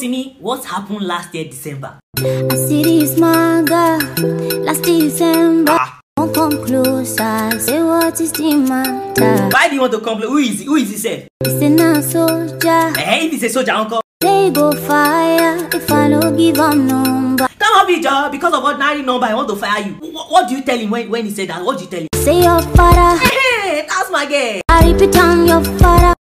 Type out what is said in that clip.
Simi, what happened last year December? I'm serious, my girl. Last December. Ah. Don't come closer. Say what is the matter? Why do you want to come? Who is he? Who is he? Said? Eh, he's a soldier. Hey, he's a soldier, uncle. They go fire if I don't give him number. Come on, Vijay. Because of ordinary number, I want to fire you. What, what do you tell him when, when he said that? What do you tell him? Say your father. Hey, hey that's my game. I repeat, I'm your father.